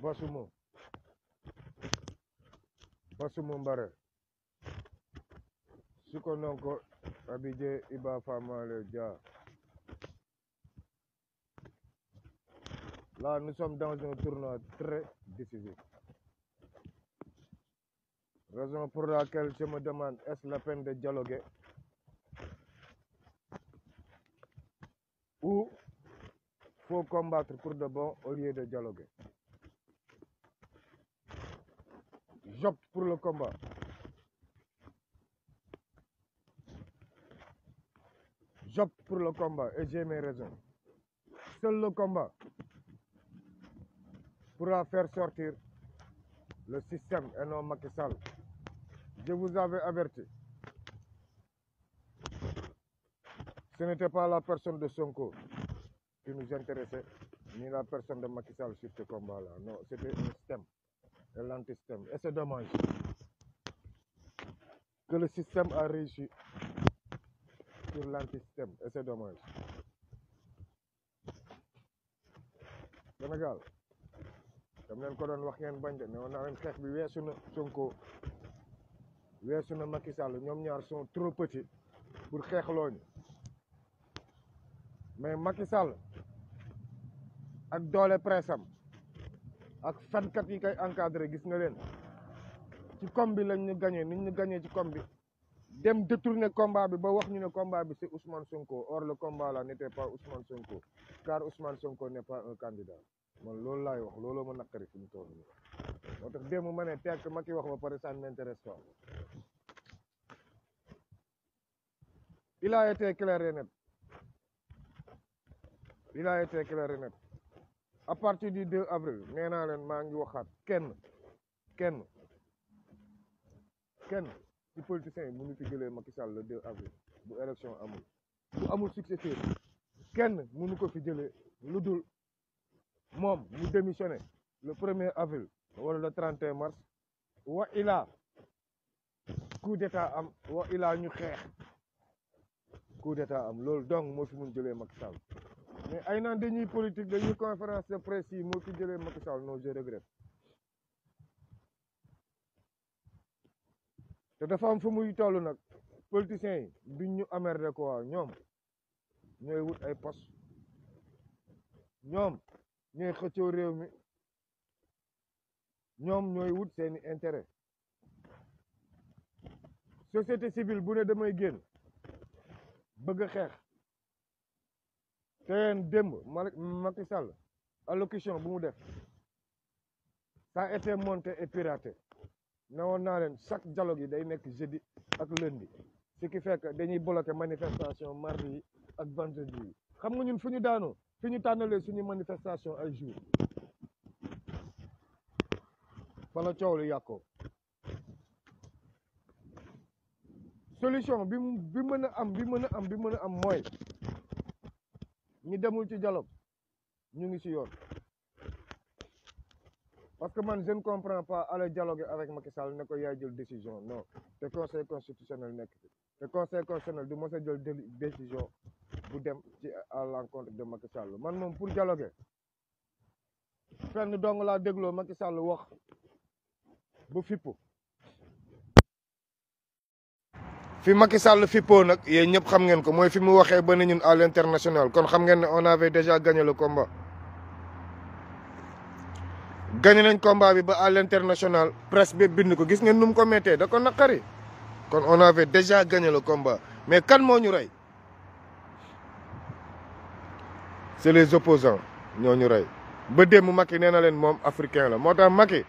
Basumo. Basumo Mbare. Sukononko Abidje Iba le Dia. Là, nous sommes dans un tournoi très décisif. Raison pour laquelle je me demande, est-ce la peine de dialoguer Ou faut combattre pour de bon au lieu de dialoguer J'opte pour le combat. J'opte pour le combat et j'ai mes raisons. Seul le combat pourra faire sortir le système et non Macky Je vous avais averti. Ce n'était pas la personne de Sonko qui nous intéressait, ni la personne de Macky sur ce combat-là. Non, c'était le système et l'antisystème. Et c'est dommage que le système a réussi sur l'antisystème. Et c'est dommage. Sénégal, Comme nous ko dit, nous avons bañ de ne woon naa leen xeex est sur na Sonko weesu na Macky Sall ñoom sont trop petits pour le ñu mais Macky Sall dans les pressam ak kat yi kay encadré gis nga len ci combi lañ ñu gagné ni ñu gagné ci combi dem détourner combat bi ba wax ñu ne combat bi c'est Ousmane Sonko or le combat là n'était pas Ousmane Sonko car Ousmane Sonko n'est pas un candidat man lool lay wax loolo ma nakari fi mu toll nii moo tax démb ma ne ma ki wax ba paré ça m'intéresse pas il a été clair et net il a été clair et net à partir du 2 avril je vais vous maa ngi waxaat kenn kenn kenn les politiciens yi ont Macky Sall le 2 avril bu élection amul bu amul successeur kenn mënu ko fi jëlee lu dul mu démissionné le 1er avril wala le 31 mars wa ilaa coup d'état am wa a ñu xeex coup d'état am loolu donc moo fi mun jëlee Macky Sall mais ay naan dañuy politique dañuy conférence de presse yi moo fi jëlee Macky Sall non je te dafa am fu muy toll nag politiciens yi duñ ñu ko quoi ñoom ñooy wut ay poste ñoom ñooy xëccoo réew mi ñoom ñooy wut seeni intérêt société civile bu ne damay génn bëgg a xeex teen démb Macky Sall allocution bu mu def ça a été monté et piraté naa leen chaque dialogue yi day nekk jeudi ak lundi ce ki fait que dañuy bloqué manifestation mardi yi ak vendredi yi xam nga ñun fu ñu daanoo fi ñu tànnalee suñu manifestation ay jour fala coow lu yàqoo solution bi bi mën a am bi mën a am bi mën a am mooy ñi demul ci dialogue ñu ngi ci yoon parce que man je ne comprends pas aller dialoguer avec Macky Sall ne ko yaay jël décision non te conseil constitutionnel nekk fi te conseil constitutionnel du mos a jël décision bu dem ci à l'encontre de Macky Sall man moom pour dialoguer fenn dong laa dégloo Macky Sall wax bu fippu fi Macky Sall fippoo nak yéen ñëpp xam ngeen ko moy fi mu waxe ba ne ñun à l'international kon xam ngeen ne on avait déjà gagné le combat. gagné nañ combat bi ba à l'international presse bi bind ko gis ngeen num ko metté da ko nakari kon on avait déjà gagné le combat mais kan mo ñu rey c'est les opposants ñoo ñu rey ba dem Macky nee na leen africain la motax Macky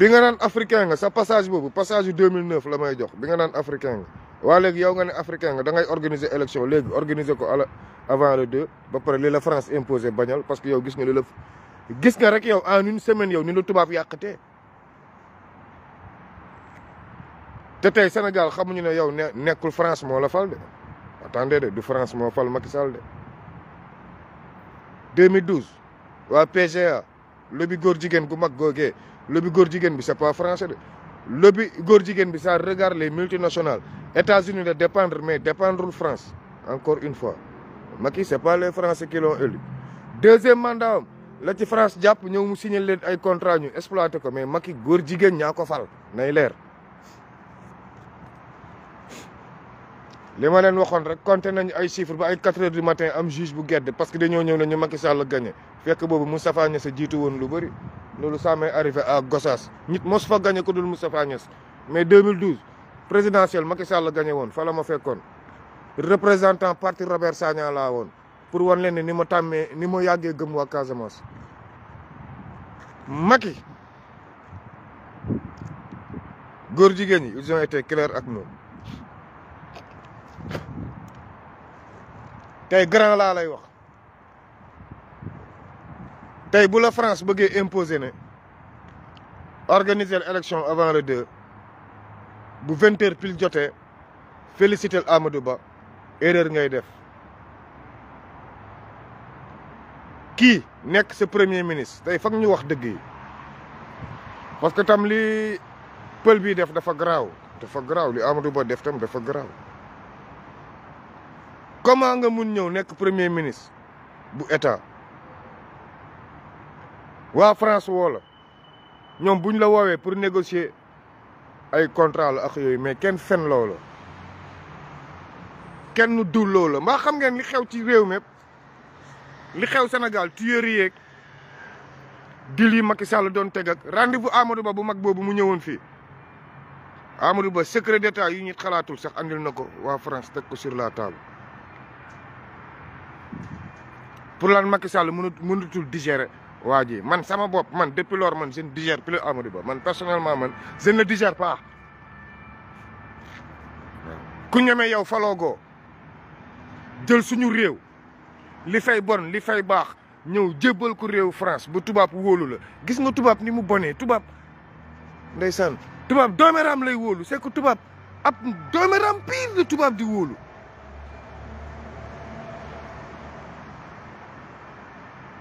bi nga naan africain nga sa passage boobu passage yu 2009 la may jox bi nga naan africain nga waa léegi yow nga ne africain nga da ngay organiser élection léegi organiser ko ala avant le deux ba pare li la France imposé bañal parce que yow gis nga gis nga rek yow en une semaine yow ni la tubaab yàqatee te tey Sénégal xamuñu ne yow ne nekkul France moo la fal de attendez de du France moo fal Macky Sall de 2012 waa PGA lobby góor jigéen gu mag googee lobby góor bi c'est pas français Le lobby góor bi ça regarde les multinationales États-Unis la dépendre mais de France encore une fois Macky c'est pas les Français qui l'ont élu deuxième mandat la France japp ñëw mu signé les ay contrat ñu exploité ko mais Macky gorjigen ñako pas fal nay leer li ma leen waxoon rek compté nañu ay chiffres ba ay quatre heures du matin am juge bu gedd parce que dañoo ñëw ne ñu Macky Sall gagné fekk boobu Moustapha Niass a jiitu woon lu bëri loolu ça m'est arrivé à Gossas nit mos fa gagné ku dul Moustapha Niass mais 2012 présidentielle Macky Sall gagné woon fa la ma fekkoon représentant parti Robert Sagna laa woon pour wan leen ne ni ma tàmmee ni ma yàggee gëm waa Casamance Macky góor jigéen ñi ils ont été ak ñoom. C'est grand là, lay wax la France beugé imposer organiser l'élection avant le 2. bu 20h féliciter Amadou Ba erreur ngay def Qui nek ce premier ministre ñu wax yi parce que tam li pël bi def Amadou Ba def comment nga mun ñëw nek premier ministre bu état wa France Walla, la ñoom buñ la wowe pour négocier ay contrat la ak yoy mais ken fen lolo kenn dul loola ma xam ngeen li xew ci rew mépp li xew Sénégal tuyeeri yeeg dil Macky Sall doon teg ak rendez-vous Amadou Ba bu mag bobu mu ñëwoon fi Amadou Ba secret d'état yu xalatul sax andil nako wa France tek ko sur la table pour lan Macky Sall mënut mënutul digérer waa ji man sama bopp man depuis man je ne digère plus Amadou Ba man personnellement man je ne le digère pas ku ñemee yow faloogoo jël suñu réew li fay bon li fay baax ñëw jébbal ku réew France bu tubaab wóolu la gis nga tubaab ni mu bonee tubaab ndeysaan tubaab doomeram lay wóolu c'est que tubaab ab doomeram pire de tubaab di wóolu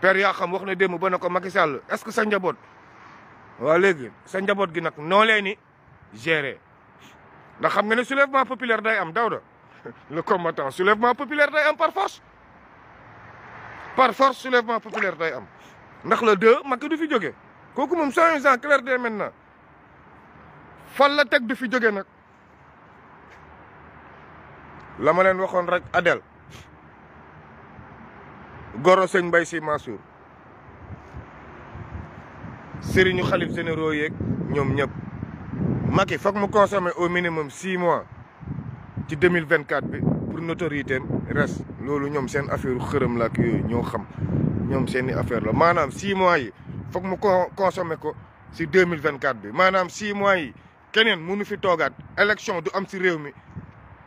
père ya xam wax na démb ba nako Macky Sall est ce sa njabot wa legui sa njabot gi nak no leni ni gérer ndax xam nga ne soulèvement populaire day am dawda le combattant soulèvement populaire day am par force par force soulèvement populaire day am ndax le deux Macky du fi jóge kooku moom soyons en clair dès maintenant fal la tek du fi joggé nak lama len waxone rek Adel goro sëñ Mbaye Sy Mansour sëriñu xalif généraux yeeg ñoom ñëpp Macky foog mu consommer au minimum six mois ci deux mille vingt quatre bi pour notoriété res loolu ñoom seen affaire xërëm la ak yooyu ñoo xam ñoom seen i affaire la maanaam six mois yi foog mu consommer ko si deux mille vingt quatre bi maanaam si mois yi keneen mënu fi toogaat élection du am si réew mi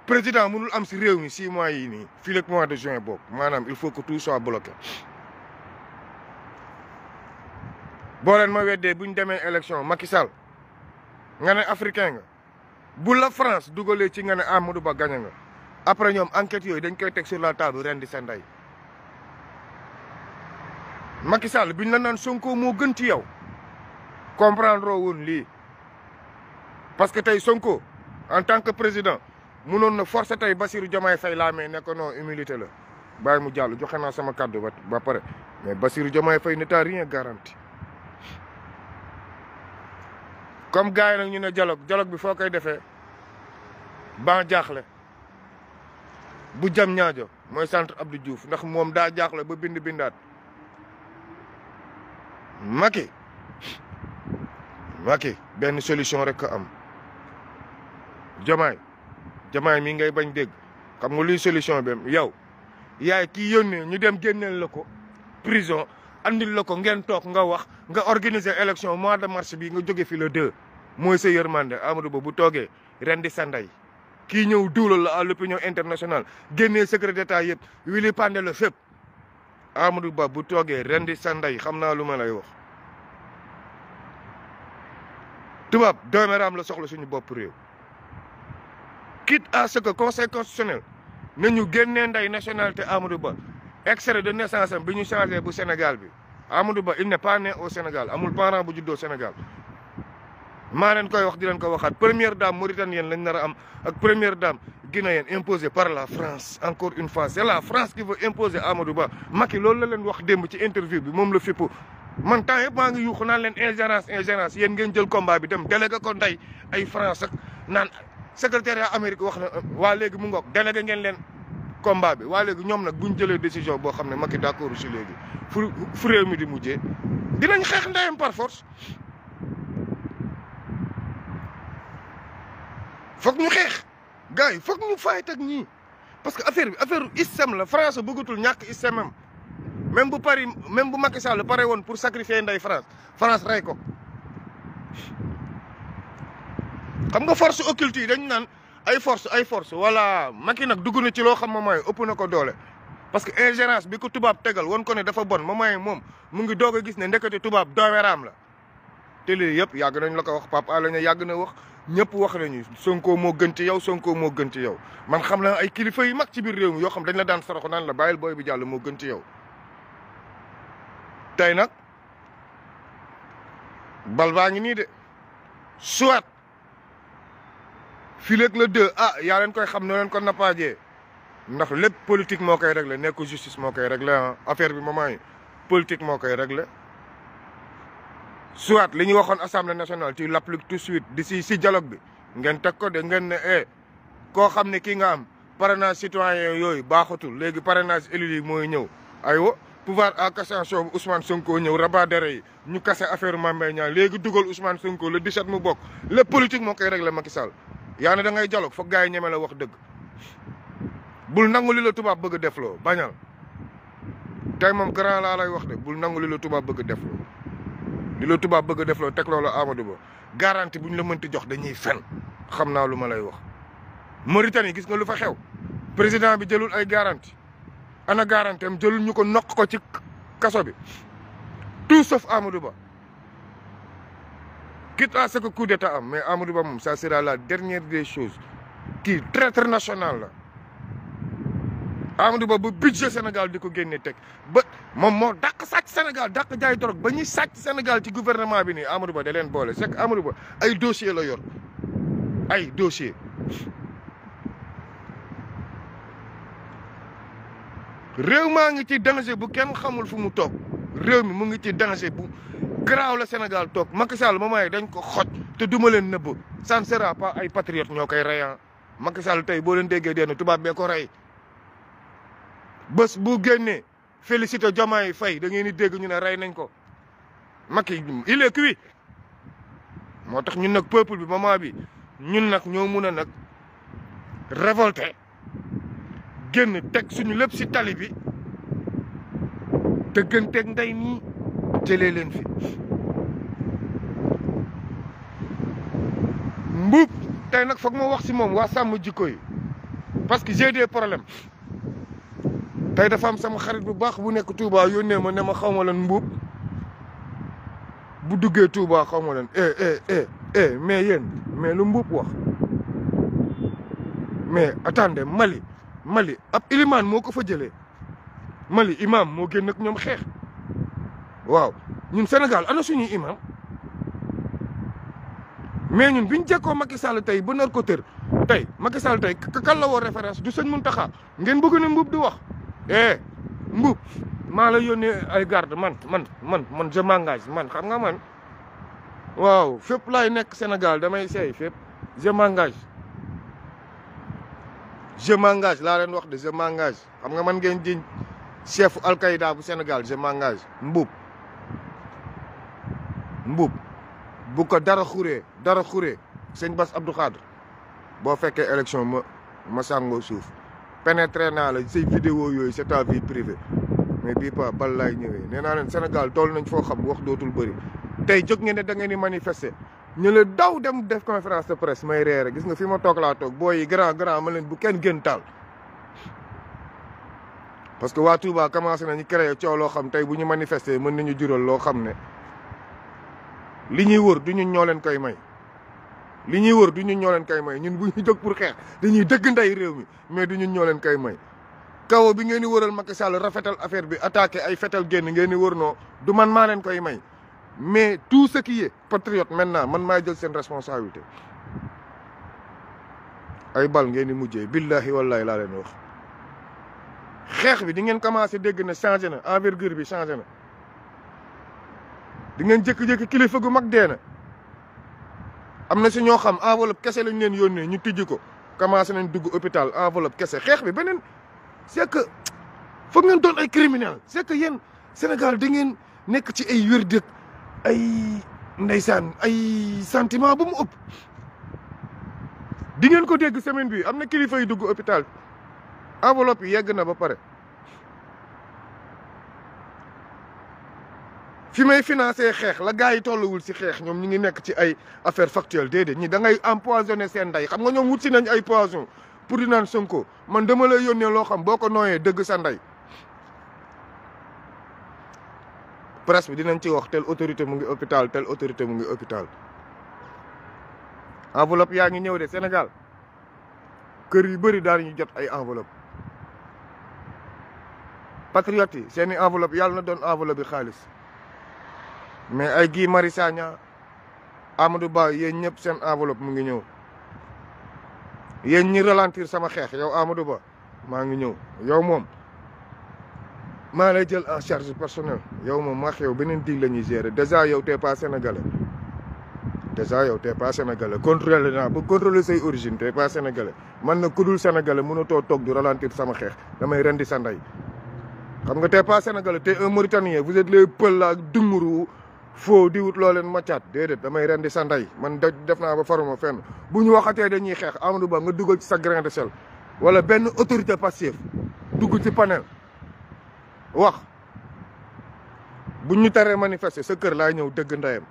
président mënul am ci réew mi 6 mois yi ni fi le mois de juin bok manam il faut que tout soit bloqué bo len ma weddee buñ démé élection Macky Sall nga né africain nga bu la France dugalee ci nga né Amadou Ba gagné nga après ñom enquête yoy dañ koy tek sur la table rendi di sa ndey Macky Sall buñ la nan Sonko mo gën ci yow comprendre woon li parce que tay Sonko en tant que président munoon na forcé tey Bassirou Diomaye Faye laa mais ne ko non la bàyyi mu jàll joxe naa sama kàddu ba ba pare mais Bassirou Diomaye fay ne t'a rien garanti comme gars yi nag ñu ne dialogue jaloog bi foo koy defee ban jaaxle bu jam ñaajo mooy centre Abdou Diouf ndax moom daa jaaxle ba bind bindaat Macky Macky benn solution rek am Diomaye jamaay mi ngay bañ dégg xam nga luy solution bi yow yaay ki yónnee ñu dem génneel la ko prison andil la ko ngeen toog nga wax nga organiser élection mois de mars bi nga jóge fi le 2 mooy sa yërmande Ba bu toogee ren di sa kii ñëw duulal la à l'opinion international génnee secret d'état yëpp wili pande la fépp Amadou Ba bu toogee ren di sa xam naa lu ma lay wax tubaab doomeraam la soxla suñu bopp réew quitte à ce que conseil constitutionnel na ñu génnee nday nationalité Amadou Ba extrait de naissance am bi ñu changé bu Sénégal bi Amadou Ba il n'est pas né au Sénégal amul parent bu juddoo Sénégal maa leen koy wax di leen ko waxaat première dame mauritanienne lañ nar am ak première dame guinéenne imposée par la France encore une fois c'est la France qui veut imposer Amadou Ba Macky loolu la leen wax démb ci interview bi moom la fépp man temps yëpp maa ngi yuuxu naan leen ingérence ingérence yéen ngeen jël combat bi dem délégué ko ay France ak secrétariat Amérique wax na waa léegi mu ngoog délégué ngeen leen combat bi waa léegi ñoom nag bu ñu jëlee décision boo xam ne Macky d'accord si léegi fu fu réew mi di mujjee dinañ xeex ndeyam par force foog ñu xeex gars yi foog ñu fight ak ñii parce que affaire bi affaire système la France bëggatul ñàkk système am même bu Paris même bu Macky Sall pare woon pour sacrifier nday France France rey ko xam nga force occulte yi dañ naan ay force ay force voilà Macky nag dugg na ci loo xam ma mooy ëpp na ko doole parce que ingérence bi ko tubaab tegal woon ko ne dafa bon ma mooy moom mu ngi doog a gis ne ndekete tubaab doomeraam la te lii yëpp yàgg nañ la ko wax Pape Alé Niang yàgg na wax ñëpp wax ñu Sonko moo gën ci yow Sonko moo gën ci yow man xam na ay kilifa yu mag ci biir réew mi yoo xam dañ la daan saraxu naan la bàyyil booy bi jàll moo gën ci yow tey nag bal baa ngi fii léeg le deux ah yaa leen koy xam noo leen ko nappaajee ndax lépp politique moo koy réglé nekku justice moo koy réglé ah affaire bi moment yi politique moo koy réglé soit li ñu waxoon assemblée nationale tu l'appliques tout de suite di si si dialogue bi ngeen teg ko de ngeen ne eh koo xam ne kii nga am parrainage citoyen yooyu baaxatul léegi parrainage élu yi mooy ñëw ay wo pouvoir à cassation bu Ousmane Sonko ñëw rabat d'arrêt yi ñu kase affaire Mame Mbaye Niang léegi dugal Ousmane Sonko le 17 mu bokk lépp politique moo koy réglé Macky Sall yaa ne da ngay jalo fa gars ñemela wax deug bul nangul li la tuba bëgg def lo bañal tay mom grand la lay wax de bul nangul li la tuba bëgg def lo li la tuba bëgg def lo tek lolu Amadou Ba garantie buñ ñu la mënti jox dañuy fen xamna luma lay wax Mauritanie gis nga lu fa xew president bi jëlul ay garantie ana garantie am jëlul ñuko ci kasso bi tout sauf Amadou Ba quitte à ce coup d'état mais Amadou ça sera la dernière des choses est très national Amadou budget Sénégal est très important. Sénégal Sénégal gouvernement Amadou c'est Amadou Ba dossier la yor dossier danger bu kenn xamul mi garaaw la Sénégal toog Macky Sall moment yi dañ ko xoj te duma leen nëbb ça ne sera pas ay patriotes ñoo koy rey ah. Macky Sall tey boo leen déggee dee na tubaab bee ko rey bés bu génnee félicité Diomaye Faye da ngeen di dégg ñu ne rey nañ ko Macky il est cuit moo tax ñun nag peuple bi moment bi ñun nag ñoo mun a nag révolté génn teg suñu lépp si tali bi dëgganteeg ndey nii jëlee leen fi mbuub tey nag foog moo wax si moom waa sàmm jikko yi parce que j'ai des problèmes te dafa am sama xarit bu baax bu nekk Touba yónnee ma ne ma xaw ma lan mbuub bu duggee Touba xaw ma lan eh eh eh eh mais yéen mais lu mbuub wax mais attendez Mali Mali ab ilimaan moo ko fa jëlee Mali imaam moo génn ak ñoom xeex waaw ñun Sénégal ana suñu imam mais ñun biñu jekkoo Macky Sall tay kuter, nor ko teur tay Macky Sall tay kan la wo référence du sëñ muntaha ngeen bëgg na mbub di wax eh mbub maa la ay garde man man man man je m'engage man xam nga man waaw Senegal, lay nek Sénégal damay sey fep je m'engage je m'engage la leen wax de je m'engage xam nga man ngeen diñ chef Al Qaïda bu Sénégal je m'engage mbub mbub bu ko dara xuree dara xuree sëñ Bass Abdou Khadre boo fekkee élection ma ma suuf pénétré naa la say vidéo yooyu c'est ta vie privée mais bii pa bal laay ñëwee nee naa leen Sénégal toll nañ foo xam wax dootul bëri tey jóg ngeen ne da ngeen di manifester ñu la daw dem def conférence de presse may reere gis nga fi ma toog laa toog booy yi grand grand ma leen bu kenn gën taal parce que waa Touba commencé nañu kere coow loo xam tey bu ñu manifester mën nañu jural loo xam ne li ñuy wër du ñun ñoo leen koy may li ñuy wër du ñun leen koy may ñun bu ñu jog pour xeex ñuy dëgg ndey réew mi mais du ñun ñoo leen koy may. kaw bi ngeen di wëral Macky Sall rafetal affaire bi attaqué ay fetal génn ngeen di wër noo du man maa leen koy may mais tout ce qui est patriote maintenant man maay jël seen responsabilité. ay bal ngeen di mujjee billahi wallahi laa leen wax xeex bi di ngeen commencé dégg na changé na envergure bi changé na. di ngeen jékki-jékki kilifa gu mag dee na am na si ñoo xam enveloppe kese lañ leen yónnee ñu tijji ko commencé nañ dugg hôpital enveloppe kese xeex bi beneen c'est que foog ngeen doon ay criminel c'est que Sénégal da ngeen nekk ci ay wér dëkk ay ndeysaan ay sentiment ba mu ëpp. di ngeen ko dégg semaine bi am na kilifa yu dugg hôpital enveloppe yi yegg na ba pare. vous avez financé les la gars yi si gens ñoom ngi ci ay affaire empoisonné les ñi da ngay empoisonné seen Ils xam nga des wut pour une ont Sonko man presse dinañ ci wax autorité mu ngi hôpital autorité enveloppe de Sénégal kër yu bëri enveloppe patriote Ils une enveloppe yàlla na enveloppe mais ay marisanya, Marius Amadou Ba yeen ñep seen enveloppe mu ngi ñew yeen ñi ralentir sama xex yow Amadou Ba ma ngi ñew yow mom ma lay jël en charge personnel yow mom ma xew benen dig lañuy gérer déjà yow té pas sénégalais déjà yow té pas sénégalais contrôler na bu contrôler say origine té pas sénégalais man na kudul sénégalais mëna to tok du ralentir sama xex damay rendi sa nday xam nga té pas sénégalais té un mauritanien vous êtes les Peuls ak dumuru foo diwut loo ma maccaat dedet damay rendi santay man def naa ba faruma fenn buñu waxate dañuy xex Amadou Ba nga duggal ci sa grain de sel wala ben autorité passif duggu ci panel wax buñu taré manifester sa kër la ñew deug ndayam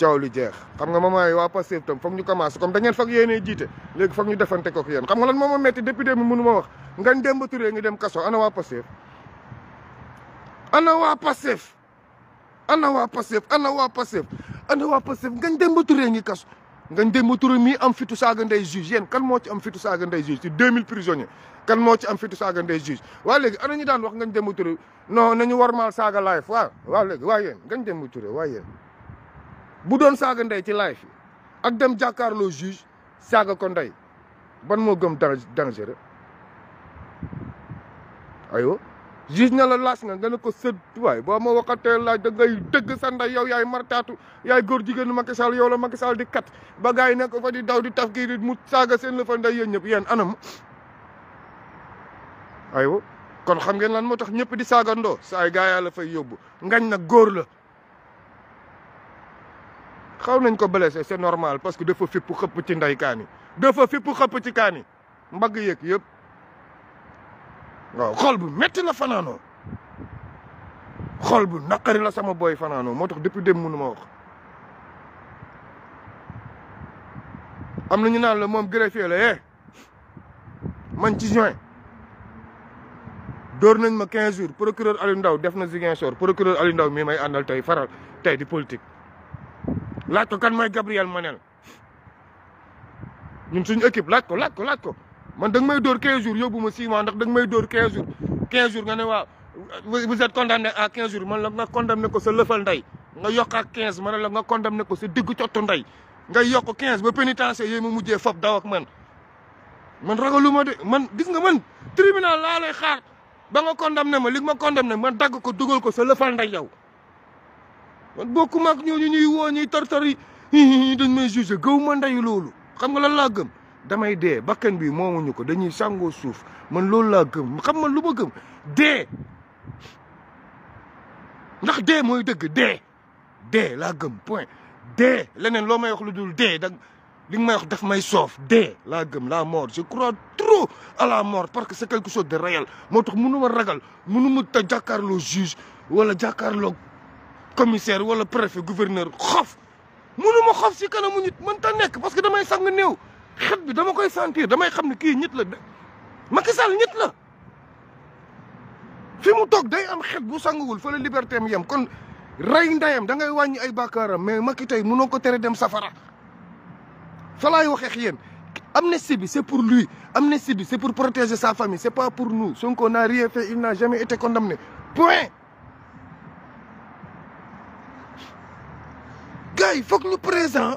caaw li jeex xam nga mamay wa passif tam foog ñu commencé comme da fakk yene jité légui léegi ñu defante ko yéen xam nga lan moma metti député mu mënu ma wax nga dem touré nga dem kasso ana wa passif ana wa passif ana waa Pastef ana waa Pastef ana waa Pastef Ngagne Demba Touré ngi kaso Ngagne Demba Touré mii am fitu saaga ndey juge yéen kan moo ci am fitu saaga ndey juge ci 2000 prisonniers kan moo ci am fitu saaga ndey juge waa léegi ana ñu daan wax Ngagne Demba Touré non nañu warmaal saaga live waaw waa léegi waa yéen Ngagne Demba Touré waa yéen bu doon saaga ndey ci live ak dem jàkkaarloo juge saaga ko ndey ban moo gëm dangereux aywa juge na la las na dana ko seut way bo mo waxatee laaj da ngay dëgg sa nday yow yaay martatu yaay gor jigen Macky Sall yow la Macky Sall di kat ba gars yi fa di daw di taf di mu saga sen le fa nday yeen ñep yeen anam ayo kon xam ngeen lan motax ñep di saga ndo say gars la fay yobbu ngagn gor la xaw nañ ko blesser c'est normal parce que dafa fepp xep ci nday kani dafa fepp xep ci kani mbag yep waaw metti la fanano. xol bu la sama boy fanano depuis dem wax Amna ñu naan la mom greffier la eh man ci juin Dor nañ ma 15 jours procureur Aliou Ndaw def na procureur Aliou Ndaw mi may andal tay faral di politique Lako kan Gabriel Manel ñun suñu équipe Lako, man da nga may dóor 15 jours yóbbu ma 6 mois ndax da nga may dóor 15 jours 15 jours nga ne waaw vous êtes condamné à 15 jours man la nga condamné ko sa lëfal ndey nga yokk ak 15 man la nga condamné ko sa diggu cottu ndey nga yokk 15 ba pénitencier yooyu ma mujjee fob daw ak man. man ragalu ma de man gis nga man tribunal laa lay xaar ba nga condamné ma li ma condamné ma dagg ko dugal ko sa lëfal ndey yow man bokkuma ak ñooñu ñuy woo ñuy tor tor yi dañ may jugé gaw ma ndey loolu xam nga lan laa gëm. damay dé bakkan bi moomuñu ko dañuy sango souf man lool la gëm xam ma lu ma gëm dé ndax dé moy dëgg dé dé la gëm point dé lenen lo may wax lu dul dé dag li nga may wax daf may soof dé la gëm la mort je crois trop à la mort parce que c'est quelque chose de réel motax mënu ma ragal mu ta jàkkaarloo juge wala jàkkaarloo commissaire wala préfet gouverneur xof ma xof ci kanamu nit mën ta nek parce que damay sang néew xet bi dama koy sentir damay xam ne kii la Macky Sall la fi mu toog day am xet bu sanguwul fa la liberté am yem kon rey ndayam da ngay ay bàkkaaram mais Macky tey mënoo ko dem safara fa laay waxee amnistie bi c'est pour lui amnistie bi c'est pour protéger sa famille c'est pas pour nous Sonko n'a rien fait il n'a jamais été condamné point gars yi foog le présent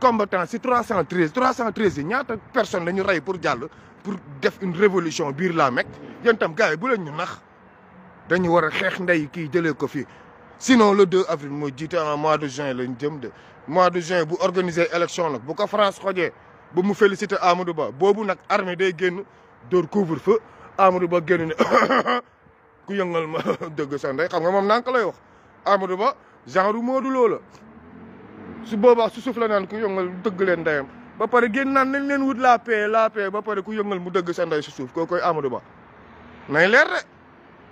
combattant si 313 313 yi ñaata personne la ñu pour jàll pour def une révolution biir la Mecque Il y a yi bu leen ñu nax dañu war a xeex ndey kii jëlee ko fii sinon le 2 avril moi jiite en ah, mois de juin lañ jëm de mois de juin bu organiser élection nag bu ko France vous vous mu féliciter Amadou Ba boobu nag armée day génn de couvre-feu Amadou Ba génn ne ku yëngal ma dëgg sa ndey xam nga moom nanka lay wax Amadou Ba genre Modou Lo la su boobaa su suuf la naan ku yëngal dëgg leen dayam ba pare génn naan nañ leen wut la paix la paix ba pare ku yëngal mu dëgg sa ndey si koy Amadou Ba nay leer de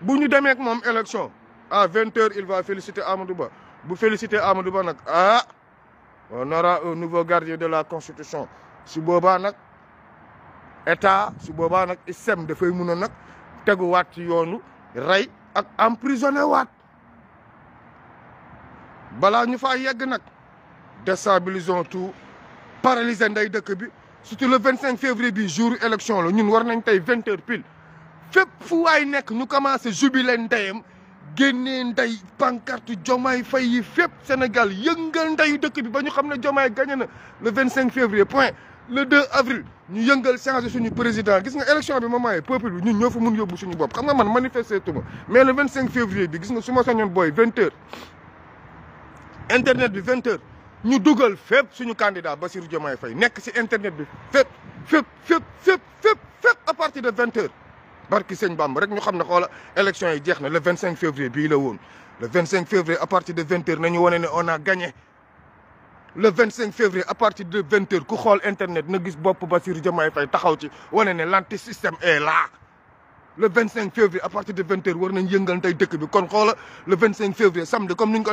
bu ñu demee moom élection à vingt heures il va féliciter Amadou Ba bu féliciter Amadou Ba nag ah on aura un nouveau gardien de la constitution su boobaa nag état su boobaa nag ISEM dafay mun a nag teguwaat ci yoonu rey ak emprisonné waat balaa ñu faa yegg nag. déstabilisons tout paralyser nday dëkk bi surtout le 25 février jour élection l'élection, ñun war nañ tey heures pile fait fu waay nekk ñu jubiler ndeyam génnee ndey pancarte de fay yi fep Sénégal Yungel, ndeyu dëkk bi avons gagné le 25 février point le 2 avril ñu avons changé suñu président gis nga élection bi moment yi peuple bi ñun ñoo fa mun nous suñu bopp xam nga man manifester mais le 25 février bi gis nga su ma heures internet de 20 h nous fait sur suñu candidat Basir Diomaye Faye nek ci internet bi fait fait à partir de 20 h barki Seigne Bamb rek ñu élection yi jeex le 25 février le 25 février à partir de 20 h nañu on a gagné le 25 février à partir de 20 h ku internet na gis fait Basir Diomaye Faye taxaw ci l'anti système est là le 25 février à partir de 20h war nañ yëngal tay dëkk bi kon le 25 février samedi comme nous ko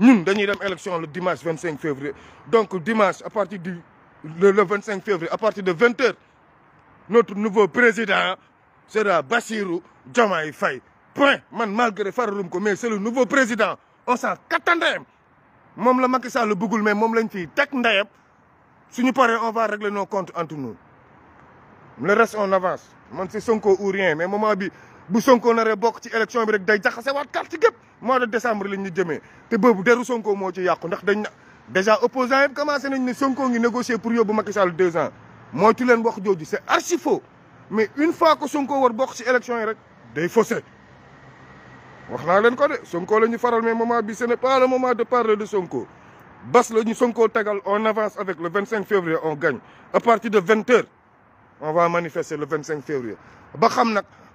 Nous dañuy avons élection le dimanche 25 février donc dimanche à partir du le, 25 février à partir de 20 h notre nouveau président sera Bassirou Djamay Faye point malgré mais c'est le nouveau président on s'en katta ndeyam moom la Macky Sall bëggul mais mom lañ ciy teg Si nous paree on va régler nos comptes entre nous le reste on avance man c'est Sonko ou rien mais moment bi bu Sonko a bokk ci élection bi c'est day jaxasewaat carte mois de décembre lañ ñu jëmee te Sonko déjà opposants ont commencé à Sonko négocier pour yóbbu Macky Sall deux ans moi tu l'as wax c'est archi faux mais une fois que Sonko war a ci élection yi rek day faussé wax naa leen ko son Sonko moment ce n'est pas le moment de parler de Sonko bas Sonko Tagal, on avance avec le 25 février on gagne à partir de 20 h on va manifester le 25 février ba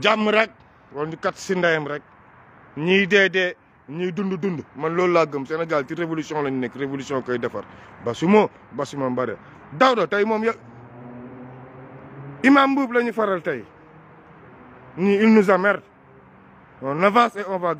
jàmm rek wala ñu kat si rek ñiy dee dee dund dund man loolu laa gëm Sénégal ci révolution lañu nekk révolution koy defar Bassoumo Bassoumo Mbare Daouda tey moom ya imam boobu la faral tey ñii il nous amène on et on va